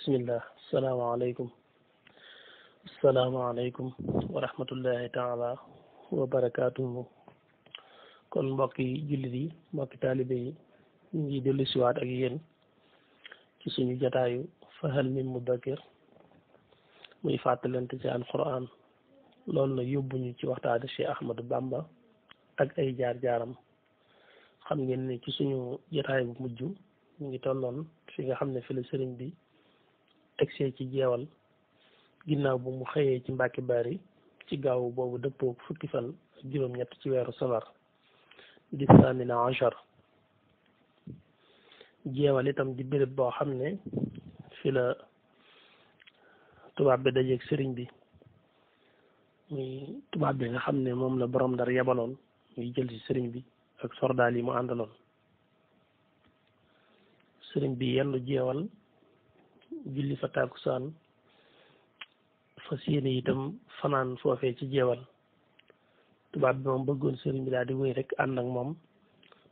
bismillah salaamaaleykum salaamaaleykum wa rahmatullahi taala wa barakaatuhu kon mbokki jullit yi mbokki taalibe yi ñu ngi dellu siwaat ak yéen ci suñu jataayu fahal min mudakkir muy fàttalante ci alquran loolu na yóbbuñu ci waxtaane Cheikh Ahmadou bàmba ak ay jaar-jaaram xam ngeen ne ci suñu jataay bu mujj mu ngi tolloon fi nga xam ne fi la bi egsee ci jeewal ginnaaw bu mu xëyee ci mbàkki bari ci gaaw boobu dëppoo fukki fan juróom-ñett ci weeru safar di samina achar jeewal itam di béréb boo xam ne fi la tubaab bi dajeeg sëriñ bi muy tubaab bi nga xam ne moom la borom ndar yebaloon muy jël ci sëriñ bi ak sordaal yi mu àndaloon sëriñ bi yendu jeewal julli fa tàkkusaan fas yéene itam fanaan foofee ci jeewal tubaab bi moom bëggoon sëriñ bi daal di wéy rek ànd ak moom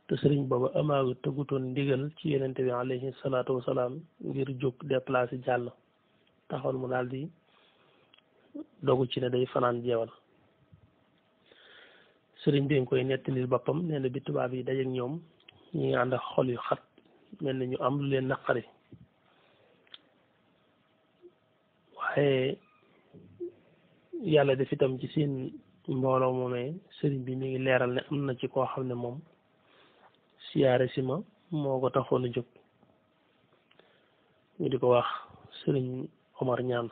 te sëriñ booba amaagu tëggutoon ndigal ci yenente bi alayhi salaatu wasalaam ngir jóg déplacé jàll taxoon mu daal di dogu ci ne day fanaan jeewal sëriñ bi nga koy nettalil boppam nee bi tubaab yi dajeek ñoom ñi nga ànd ak xol yu xat mel ni ñu am lu leen naqari waaye yàlla def itam ci seen mbooloo moomee sëriñ bi mi ngi leeral ne am na ci koo xam ne moom siyaare si ma moo ko taxoon a jóg ñu di ko wax sëriñ Omar Ñaan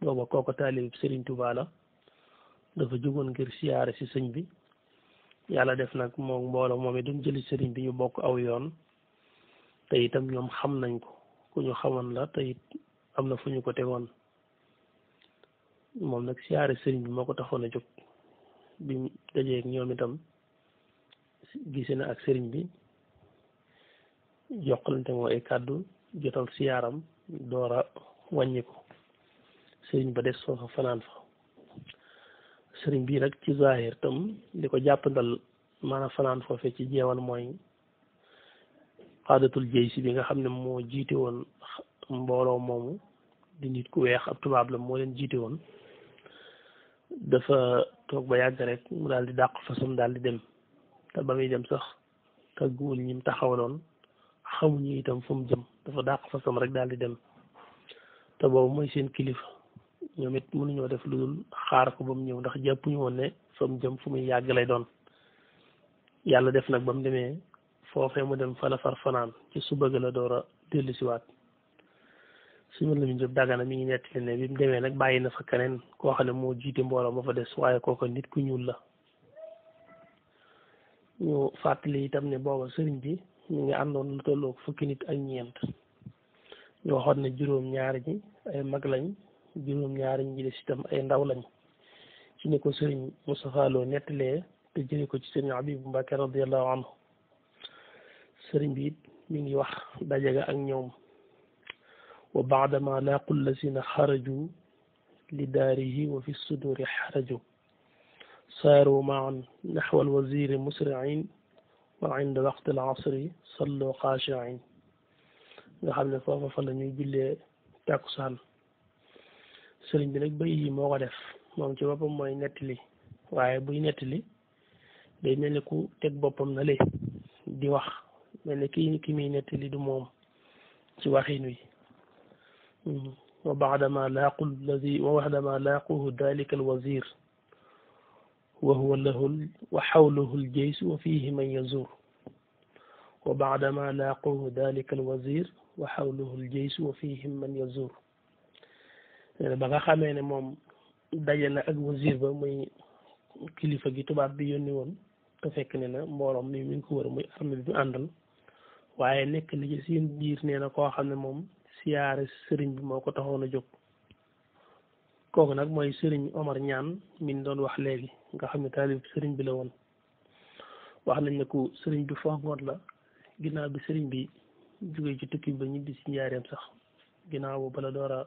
booba kooko taalib sëriñ tubaala la dafa jógoon ngir siyaare si sëñ bi yàlla def nag moom mbooloo moom it duñ jëli sëriñ bi ñu bokk aw yoon te itam ñoom xam nañ ko ku ñu xamoon la te it am na fu ñu ko woon moom nag siyaare sëriñ bi moo ko taxoon a jóg bi mu dajee ak ñoom itam gise na ak sëriñ bi jokkalante moo ay kàddu jotal siyaaram door a wàññi ko sëriñ ba des foofa fanaan fa sëriñ bii nag ci zahir tam li ko jàppandal maanaam fanaan foofe ci jeewal mooy xaadatul jëy si bi nga xam ne moo jiite woon mbooloo moomu di nit ku weex ak tubaab la moo leen jiite woon dafa toog ba yàgg rek mu daal di dàq fasam daal di dem te ba muy dem sax tàgguwul ñi mu taxawaloon itam fu jëm dafa dàq fasam rek daal di dem te boobu mooy seen kilifa ñoom it mënuñoo def lu dul xaar ko ba mu ñëw ndax jàppuñu woon ne fa mu jëm fu muy yàgg lay doon yàlla def nag ba mu demee foofee mu dem fa la far fanaan ci suba ga la door a dellusiwaat si mën lañu jób dagana mi ngi nettali ne bi mu demee nag bàyyi na fa keneen koo xam ne moo jiite mbooloo ma fa des waaye kooka nit ku ñuul la ñu fàttali itam ne booba sëriñ bi ñu ngi àndoon lu tolloog fukki nit ak ñeent ñu waxoon ne juróom ay mag lañ juróom ay ndaw lañ ko sëriñ Moustapha Lo nettalee te jëlee ko ci sëriñ Abibu Mbàkke radiyallahu anhu sëriñ bi it mi ngi wax dajaga ak ñoom وبعدما لاقوا الذين خرجوا لداره وفي الصدور حرجوا ساروا معا نحو الوزير مسرعين وعند وقت العصر صلوا خاشعين نحن نفوف فلن يجل تاكسان سرين بنك بيه مغرف ممتو بابا ما ينتلي waaye buy nettali day mel ni ku teg boppam na le di wax mel ni kii ki وبعدما لاق الذي وبعدما لاقه ذلك الوزير وهو له وحوله الجيش وفيه من يزور وبعدما لاقه ذلك الوزير وحوله الجيش وفيه من يزور يعني بقى خمين موم دجنا اك وزير با مي كليفه جي توباب بي يوني وون كفيك نينا ارمي بي اندال waye nek li ci sin bir neena ko siyaare sëriñ bi moo ko taxoon a jóg kooku nag mooy sëriñ Omar Ñaan min doon wax léegi nga xam ne taalib sëriñ bi la woon wax nañ ne ko sëriñ bi fonkoon la ginnaaw bi sëriñ bi jógee ci tukki ba ñibbi si njaareem sax ginnaaw bala door a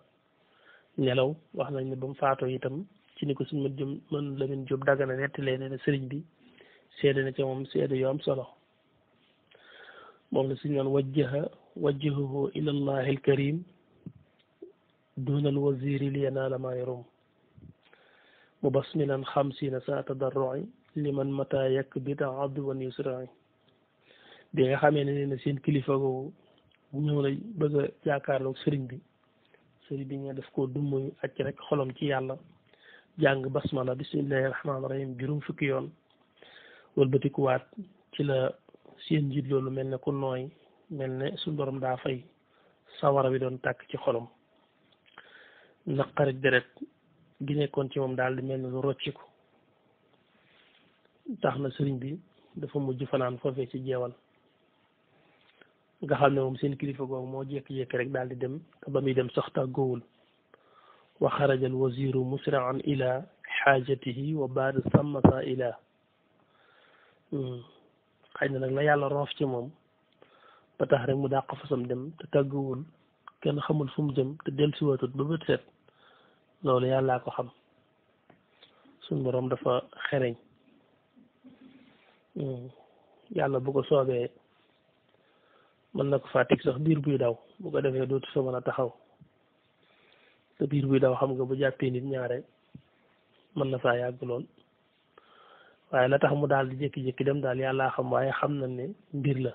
nelaw wax nañ ne ba mu faatoo itam ci ni ko suñ mën jëm mën Lamin Jóob Dagana nettalee ne sëriñ bi seede na ci moom seede yoom solo moom la suñ naan wajjaha wajjahuhu ila allahi alkarim duna alwaziri li yanaala ma yarum mubasmilan xamsina saa tadarroi liman mata yakk bida abduwan yusrai bi nga xamee ne ne seen kilifa googu ñëw na bëgg a jàkkaarloog sëriñ bi sëriñ bi ñu def ko dummuy acc rek xolom ci yàlla jàng basmala bismillahi rahmaani rahim juróom fukki yoon wëlbatikuwaat ci la seen njiit loolu mel ne ku nooy mel ne suñ borom daa fay sawara bi doon takk ci xolom naqari deret gi nekkoon ci moom daal di mel ne lu rocciku tax na sëriñ bi dafa mujj fanaan foofee ci jeewal nga xam ne moom seen kilifa googu moo jékki-jékki rek daal di dem te ba muy dem sax tàggoowul wa xarajal wasiru musraan ila xaajatihi wa baada hmm. nag la yàlla roof ci moom ba tax rek mu dàq fasam dem te tàgguwul kenn xamul fu mu jëm te dellusiwaatut ba bët set loolu yàllaa ko xam suñ borom dafa xereñ hmm. yàlla bu ko soobee mën na ko faa teg sax biir buy daw bu ko defee dootu fa a taxaw te biir buy daw xam nga bu jàppee nit ñaare mën na faa yàgg lool waaye la tax mu daal di jékki-jékki dem daal yàllaa xam waaye xam na ne mbir la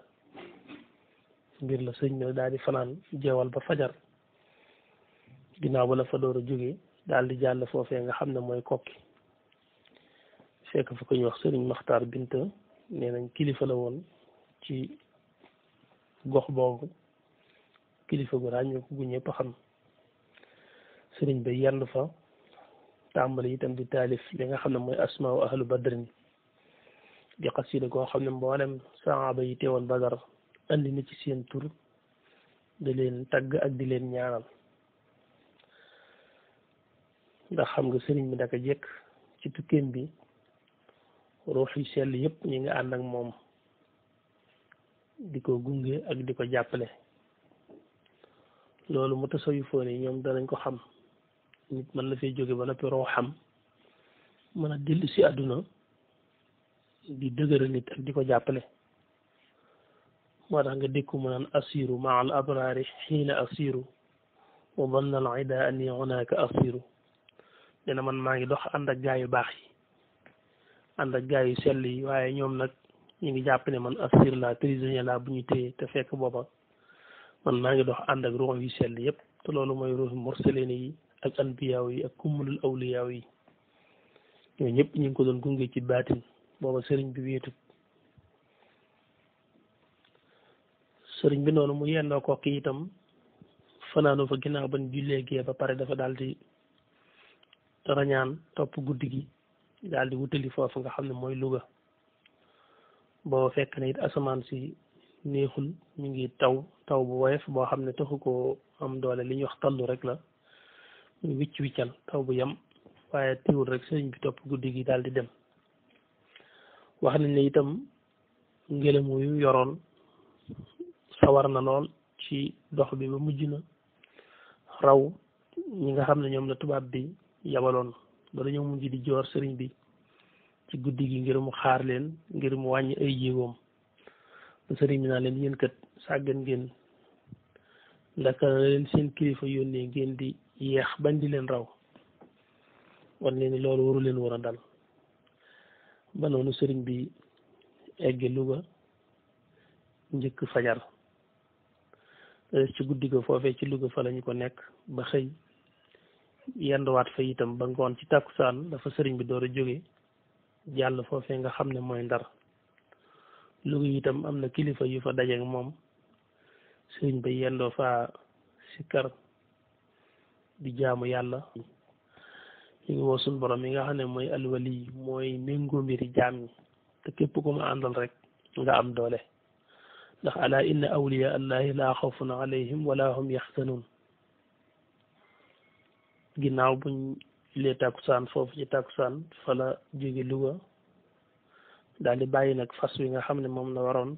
ngir la sëñ bi daal di fanaan jeewal ba fajar ginnaaw ba la fa door a jóge daal di jàll foofee nga xam ne mooy kokki fekk fa ko ñuy wax sëriñ maxtaar binta nee nañ kilifa la woon ci gox boobu kilifa gu ko gu ñëpp xam sëriñ ba yendu fa tàmbali itam di taalif li nga xam ne mooy asmaa ahlu badrin di xasida koo xam ne mboolem saaba yi teewoon badar andi na ci seen tur da leen tagg ak di leen ñaanal ndax xam nga sëriñ bi naka jekk ci tukkeem bi ruux yu sell yépp ñi nga ànd ak moom di ko gunge ak di ko jàppale loolu mu tasaw yu foone ñoom danañ ko xam nit man la fay jóge ba noppi mën a dellu si àdduna di dëgëral nit ak di ko moo tax nga dékku mu naan asiru maa al abraari xiina asiru wa danna al ida anni hunaka asiru nee na man maa ngi dox ànd ak gaa yu baax yi ànd ak gaa yu waaye ñoom nag ñu ngi jàpp ne man asir la prisonnier la bu ñu téye te fekk booba man maa ngi dox ànd ak ruux yu sell yëpp te loolu mooy ruux morseleen yi ak anbiyaaw yi ak kumulul awliyaaw yi ñëpp ñu ngi ko doon gunge ci baatin booba sëriñ bi wéetut sëriñ bi noonu mu yendoo ko kii itam fanaanu fa ginnaaw ba ñu jullee gee ba pare dafa daal di rañaan topp guddi gi daal di wutali foofu nga xam ne mooy Louga boo fekk na it asamaan si neexul ñu ngi taw taw bu woyof boo xam ne taxu koo am doole li ñuy wax tallu rek la muy wicc wiccal taw bu yem waaye teewul rek sëriñ bi topp guddi gi daal di dem wax na ne itam ngelaw yu yoroon. sawar na lool ci dox bi ba mujj na raw ñi nga xam ne ñoom la tubaab bi yabaloon ba dañoo mujj di joor sëriñ bi ci guddi gi ngir mu xaar leen ngir mu wàññi ay jéegoom sëriñ bi naa leen yéen kat sàggan ngeen ndaka leen seen kilifa yónnee ngeen di yeex bañ di leen raw wan leen ni loolu waru leen war a dal ba noonu sëriñ bi egge Louga njëkk fajar Euh, ci guddi ga foofee ci Louga fa la ñu ko nekk ba xëy yenduwaat fa itam ba ngoon ci tàkkusaan dafa sëriñ bi door a jóge jàll foofee nga xam ne mooy ndar Louga itam am na kilifa yu fa dajeek moom sëriñ bi yendoo fa sikkar di jaamu yàlla ñu ngi woo suñu borom yi nga xam ne mooy alwali mooy méngoo mbiri jaam ñi te képp ku mu àndal rek nga am doole ndax ala inna awliya allahi laa xawfun alayhim wala hum yaxsanun ginnaaw buñ lee tàkkusaan foofu ci tàkkusaan fa la jóge Louga daal di bàyyi nag fas wi nga xam ne moom la waroon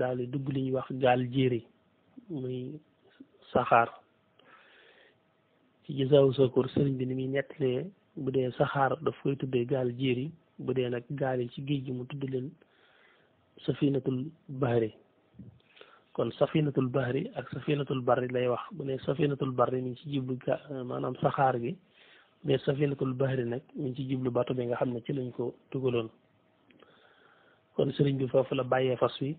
daal di dugg li ñuy wax gaal jéeri muy saxaar ci gisaaw sakoor sëriñ bi ni muy nettalee bu dee saxaar daf koy tuddee gaal jéeri bu dee nag gaal yi ci géej gi mu tudd leen safinatul bahri kon safinatul bahri ak safinatul bari lay wax bu ne safinatul bari mi ngi ci jublu ga euh, maanaam saxaar gi mais safinatul bahri nag mi ngi ci jublu bato bi nga xam ne ci lañ ko dugaloon kon sëriñ bi foofu la bàyyee fas wi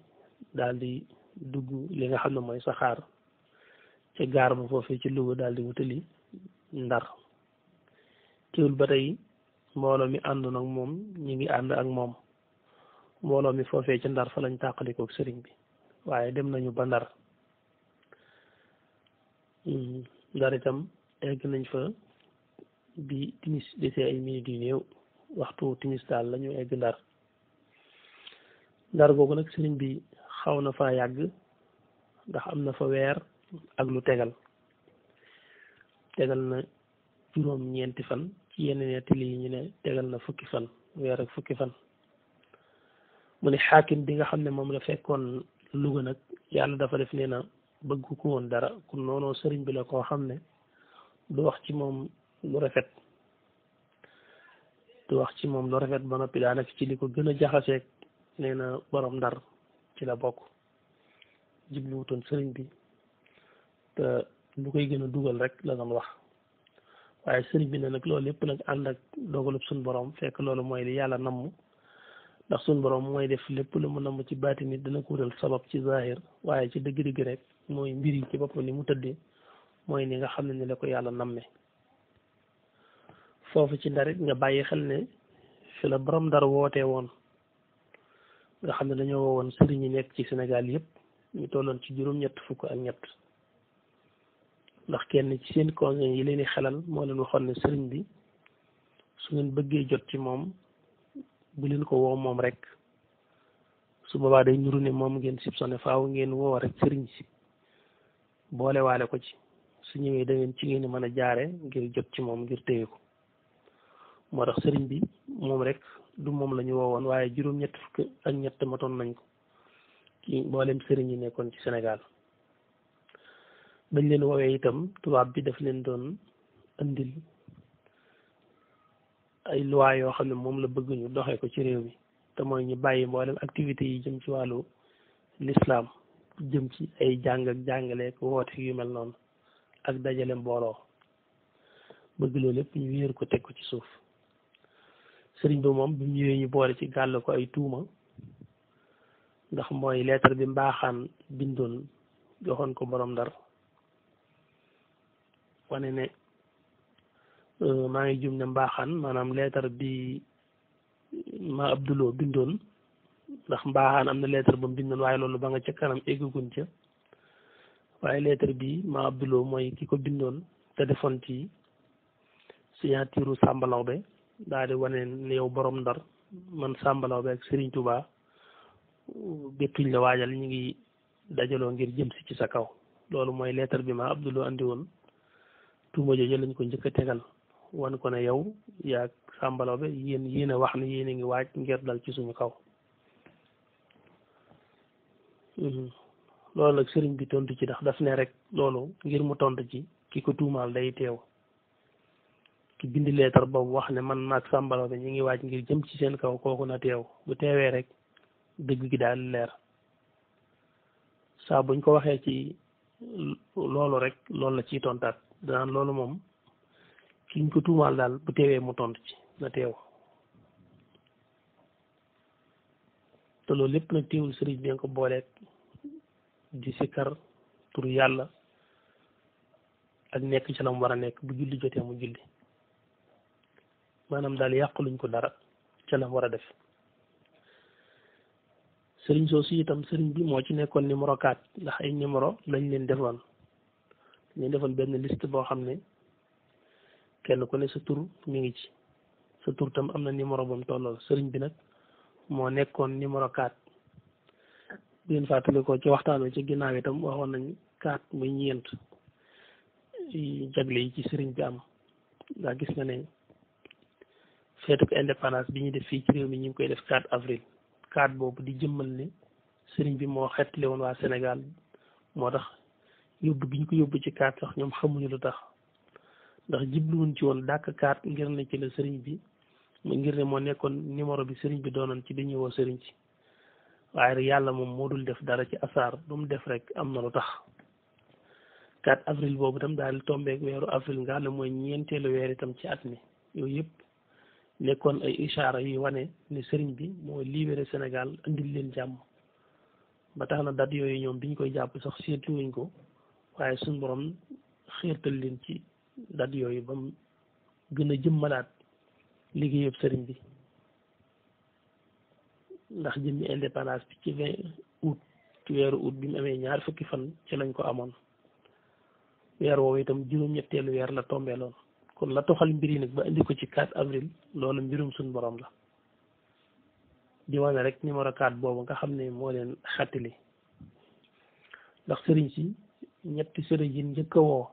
daal di dugg li nga xam ne mooy saxaar ca gaar ba foofee ci Louga daal di wutali ndar teewul ba tey mbooloo mi àndoon moom ñu ngi ànd ak moom mbooloo mi foofee ci ndar fa lañ tàqalikook sëriñ bi waaye dem nañu ba ndar hmm, ndar itam egg nañ fa bi timis desee ay minutes yu néew waxtu timis daal la egg ndar ndar googu nag sëriñ bi xaw na faa yàgg ndax am na fa weer ak lu tegal tegal na juróom ñeenti fan ci yenn nettali yi ñu ne tegal na fukki fan weer ak fukki fan mu ne xaakim bi nga xam ne moom la fekkoon Louga nag yàlla dafa def nee na bëgg ko woon dara kon noonu sëriñ bi la koo xam ne lu wax ci moom lu rafet du wax ci moom lu rafet ba noppi daanaka ci li ko gën a jaxaseeg nee na borom ndar ci la bokk jubluwutoon sëriñ bi te lu koy gën a dugal rek la doon wax waaye sëriñ bi ne nag loolu yëpp nag ànd ak dogalub suñu borom fekk loolu mooy li yàlla namm ndax suñ boroom mooy def lépp lu mu namm ci baati nit dana ko wutal sabab ci zahir waaye ci dëgg-dëgg rek mooy mbir yi ci bopp ni mu tëddee mooy ni nga xam ne ni la ko yàlla namme foofu ci ndarit nga bàyyi xel ne fi la borom ndar wootee woon nga xam ne dañoo woowoon sëriñ yi nekk ci senegal yëpp ñu tolloon ci juróom-ñett fukk ak ñett ndax kenn ci seen conseil yi leen di xelal moo leen waxoon ne sëriñ bi su ngeen bëggee jot ci moom bu leen ko woo moom rek su boobaa day ñuru ne moom ngeen sib sone faaw ngeen woo rek sëriñ si boole waale ko ci su ñëwee dangeen ci ngeen di mën a jaare ngir jot ci moom ngir téye ko moo tax sëriñ bi moom rek du moom la ñu woowoon waaye juróom-ñett fukk ak ñett matoon nañ ko ci mboolem sëriñ yi nekkoon ci Sénégal bañ leen woowee itam tubaab bi daf leen doon andil ay loi yoo xam ne moom la bëgg ñu doxee ko ci réew mi te mooy ñu bàyyi mboolem activité yi jëm ci wàllu lislaam jëm ci ay jàng jàngale ak woote yu mel noonu ak dajale mbooloo bëgg loolu lépp ñu wéer ko teg ko ci suuf sëriñ bi moom bi mu ñëwee ñu boole ci gàll ko ay tuuma ndax mooy lettre bi mbaaxaan bindoon joxoon ko borom ndar wane ne Euh, maa ngi jum ne mbaaxaan maanaam leetar bi ma Abdoulo bindoon ndax mbaaxaan am na leetar ba mu bindoon waaye loolu ba nga ca kanam eggaguñ ca waaye leetar bi ma Abdoulo mooy ki ko bindoon te defoon ci signature Samba Laobé daal di wane ne borom ndar man Samba Laobé ak Serigne Touba bettuñ la waajal ñu ngi dajaloo ngir jëm ci sa kaw loolu mooy leetar bi ma Abdoulo andi woon tuuma jooju lañ ko njëkk a tegal. wan ko ne yow yaa sàmbalaw be yéen yéen a wax ne yéen a ngi waaj ngir dal ci suñu kaw mhm. loolu nag sëriñ bi tontu ci ndax daf ne rek loolu ngir mu tontu ci ki ko tuumaal day teew ki bind leetar boobu wax ne man maag sàmbalaw be ñu ngi waaj ngir jëm ci seen kaw kooku na teew bu teewee rek dëgg gi daal leer saa buñ ko waxee ci loolu rek loolu la ciy tontaat danaan loolu moom ki ñu ko tuumaal daal bu teewee mu tontu ci na teew te loolu lépp nag teewul sëriñ bi nga ko booleeg di sikkar turu yàlla ak nekk ci la war a nekk bu julli jotee mu julli maanaam daal yàqaluñ ko dara ca la war a def sëriñ si itam sëriñ bi moo ci nekkoon numéro 4 ndax ay numéro lañ leen defoon lañ leen defoon benn liste boo xam ne. kenn ko ne sa tur mi ngi ci sa tur tam am na numéro bam tollool sëriñ bi nag moo nekkoon numéro 4 bi ngeen fàttali ci waxtaan wi ci ginnaaw itam waxoon nañ 4 muy ñeent jagle yi ci sëriñ bi am ndax gis nga ne feetu ko indépendance bi ñuy def fii ci réew mi ñu ngi koy def 4 avril 4 boobu di jëmmal ne sëriñ bi moo xettali woon waa Sénégal moo tax yóbbu bi ñu ko yóbbu ci 4 sax ñoom xamuñu lu tax ndax jibluwuñ ci woon dàkk kaat ngir ne ci la sëriñ bi ngir ne moo nekkoon numéro bi sëriñ bi doonoon ci bi ñuy woo sëriñ ci waaye yàlla moom moo dul def dara ci asaar lu mu def rek am na lu tax 4 avril boobu tam daal di tombeek weeru avril nga xam ne mooy ñeenteelu weer itam ci at mi yooyu yëpp nekkoon ay ishaara yuy wane ne sëriñ bi moo libéré Sénégal andil leen jàmm ba tax na dat yooyu ñoom biñ koy jàpp sax seetluwuñ ko waaye suñ borom leen ci dat yooyu ba mu gën a jëmmalaat liggéeyub sëriñ bi ndax jëmmi indépendance bi ci vingt août ci weeru août bi mu amee ñaar fukki fan ci lañ ko amoon weer woowu itam juróom-ñetteelu weer la tombeeloon kon la toxal mbir yi nag ba indi ko ci 4 avril loolu mbirum suñ borom la di rek numéro 4 boobu nga xam ne moo leen xattili ndax sëriñ si ñetti sëriñ yi njëkk a woo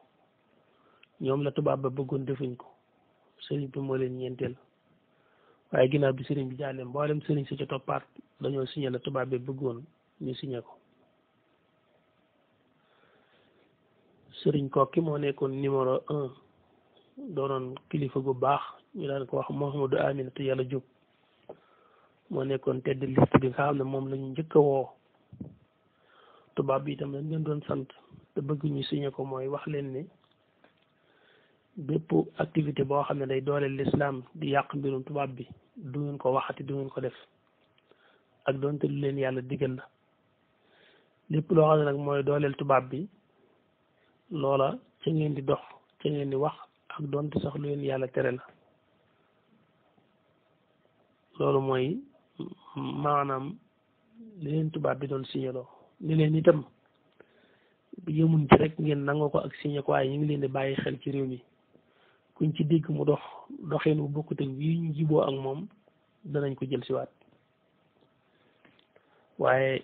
ñoom la tubaab ba bëggoon defuñ ko sëriñ bi moo leen ñeenteel waaye ginaar bi sëriñ bi jàllee mboolem sëriñ si ca toppaat dañoo signé la tubaab bi bëggoon ñu signé ko sëriñ Kokki moo nekkoon numéro un doonoon kilifa gu baax ñu daan ko wax Mouhamadou Aminata Yàlla Jóob moo nekkoon tedd liste bi nga xam ne moom lañu njëkk a woo tubaab bi itam lañ leen doon sant te bëgg ñu signé ko mooy wax leen ne bépp activité boo xam ne day dooleel lislaam di yàq mbirum tubaab bi du ngeen ko waxati du ngeen ko def ak doonte lu leen yàlla digal la lépp loo xam ne nag mooy dooleel tubaab bi loola ca ngeen di dox ca ngeen di wax ak doonte sax lu leen yàlla tere la loolu mooy maanaam li leen tubaab bi doon signaloo ni leen itam yëmuñ ci rek ngeen nangoo ko ak signé ko ñu ngi leen di bàyyi xel ci réew mi kuñ ci dégg mu dox doxin bu bokkut ak bii ñu jiboo ak moom danañ ko jël siwaat waaye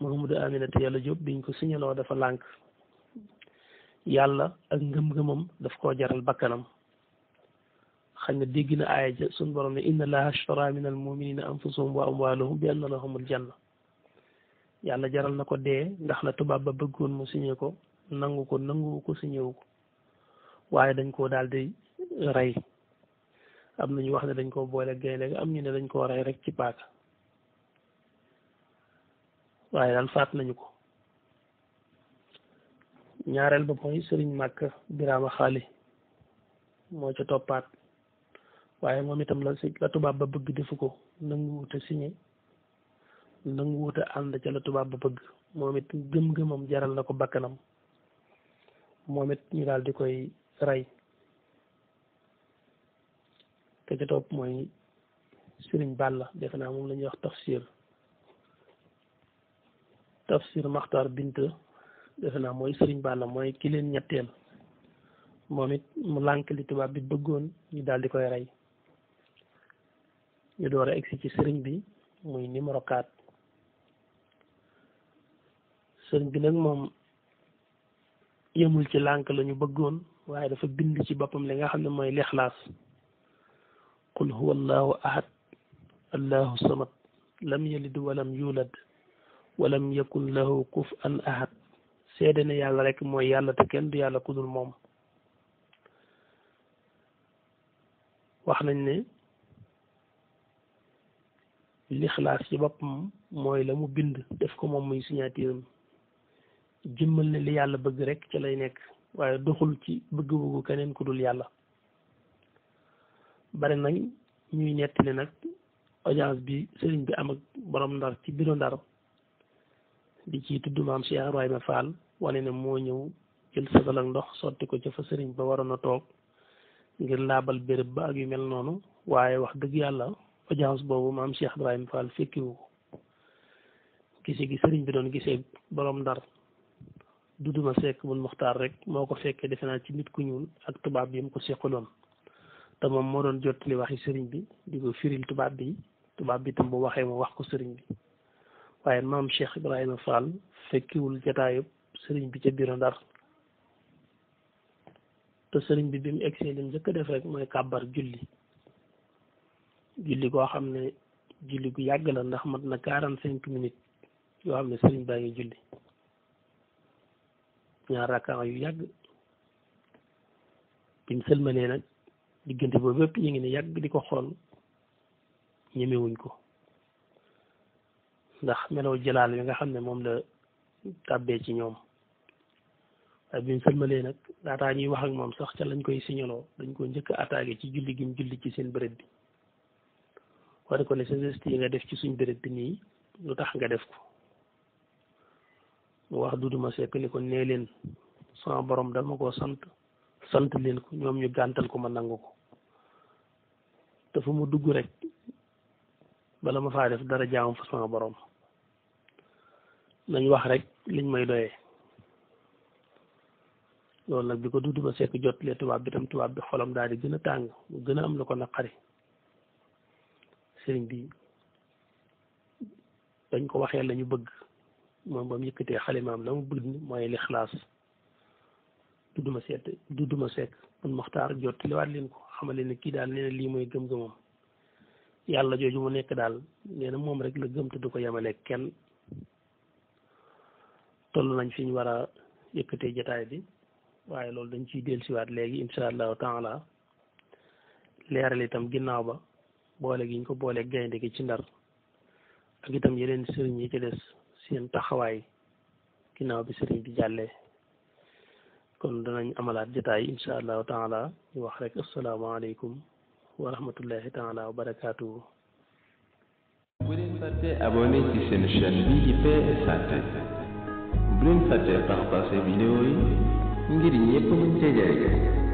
Mouhamadou Aminata Yàlla Jóob biñ ko signaloo dafa lànk yàlla ak ngëm-ngëmam daf koo jaral bakkanam xañ nga dégg na aaya ja suñ borom ne inna allaha ashtara min almuminina anfusahum wa amwalahum bi anna lahumul janna yàlla jaral na ko dee ndax la tubaab ba bëggoon mu signé ko nangu ko nangu ko siñewu ko waaye dañ koo daal di rey am na ñu wax ne dañ koo boole gaynde ga am ñu ne dañ koo rey rek ci paaka waaye daal faat nañu ko ñaareel ba mooy sëriñ màkk biraama xaali moo ci toppaat waaye moom itam la tubaab ba bëgg defu ko nangu wuta signé nangu wuta ànd ca la tubaab ba bëgg moom gëm-gëmam jaral na ko bakkanam moomit it ñu daal di koy rey te ca topp mooy sëriñ Balla defe naa moom la ñuy wax tafsir tafsir Maxtaar Bint defe naa mooy sëriñ Balla mooy ki leen ñetteel moom it mu lànk li tubaab bi bëggoon ñu daal di koy rey ñu door a egsi ci sëriñ bi muy numéro 4 sëriñ bi nag moom yëmul ci lànk la ñu bëggoon waaye dafa bind ci boppam li nga xam ne mooy lixlaas قل هو الله أحد الله الصمد لم يلد ولم يولد ولم يكن له كفءا أحد سيدنا يا الله رك مو يا تكن يا الله كذل مام وحنا الإخلاص يبقى مو إلى مو بند دفكم مو يسنياتيهم jëmmal ne li yàlla bëgg rek ca lay nekk waaye doxul ci bëgg bëggu keneen ku dul bari nañ ñuy nettali nag audience bi sëriñ bi am ak borom ndar ci biro ndar di ci tudd maam Cheikh Ibrahima Fall wane ne moo ñëw jël sagal ak ndox sotti ko ca fa sëriñ ba waroon a toog ngir laabal béréb ba ak yu mel noonu waaye wax dëgg yàlla audience boobu maam Cheikh Ibrahima Fall fekkiwu ko gise gi sëriñ bi doon gisee borom ndar ma Seck bun Muxtaar rek moo ko fekkee defe naa ci nit ku ñuul ak tubaab yi mu ko seqaloon te moom moo doon jottali waxi sëriñ bi di ko firil tubaab bi tubaab bi tam bu waxee mu wax ko sëriñ bi waaye maam Cheikh Ibrahima Fall fekkiwul yëpp sëriñ bi ca biir Ndar te sëriñ bi bi mu egsee lim njëkk a def rek mooy kàbbar julli julli koo xam ne julli gu yàgg la ndax mat na quarante cinq minutes yoo xam ne sëriñ baa ngi julli ñaar rakka yu yàgg bi mu sëlmanee nag diggante boobu yëpp ñu ngi ne yàgg di ko xool ñemewuñ ko ndax melow jëlaal yi nga xam ne moom la tàbbee ci ñoom waaye bi mu sëlmalee nag laataa ñuy wax ak moom sax ca lañ koy signaloo dañ ko njëkk a attaqué ci julli gi mu julli seen béréb bi war ko ne sa geste yi def ci suñ béréb bi nii lu tax nga def ko mu wax Dudu Masek ni ko nee leen sama borom ma koo sant sant leen ko ñoom ñu gàntal ko ma nangu ko te fu mu dugg rek bala ma faa def dara jaamam fa sama borom nañ wax rek lañ may doyee loolu nag bi ko duudu ba sekk jot lee tubaab bi tam tubaab bi xolam daal di gën a tàng mu gën a am la ko naqari sëriñ bi dañ ko waxee lañu bëgg moom ba mu yëkkatee xalimaam la mu bëgg mooy lixlaas duudu ma seet duudu ma sekk mun muxtaar jottaliwaat leen ko xamal ne kii daal nee lii mooy gëm-gëmam yàlla jooju mu nekk daal nee moom rek la gëm te du ko yemale kenn toll nañ fi ñu war a yëkkatee jataay bi waaye loolu dañ ciy dellusiwaat léegi incha allahu la leeral itam ginnaaw ba boole gi ñu ko boolee gaynde gi ci ndar ak itam yeneen sëriñ yi ci des seen taxawaay ginnaaw bi sëriñ bi jàllee kon danañ amalaat jotaay incha allahu taala ñu wax rek asalaamaaleykum wa rahmatullahi ci seen chaîne bii di PS Santé bu leen fàtte partager vidéo yi ngir ñëpp mën cee jëriñ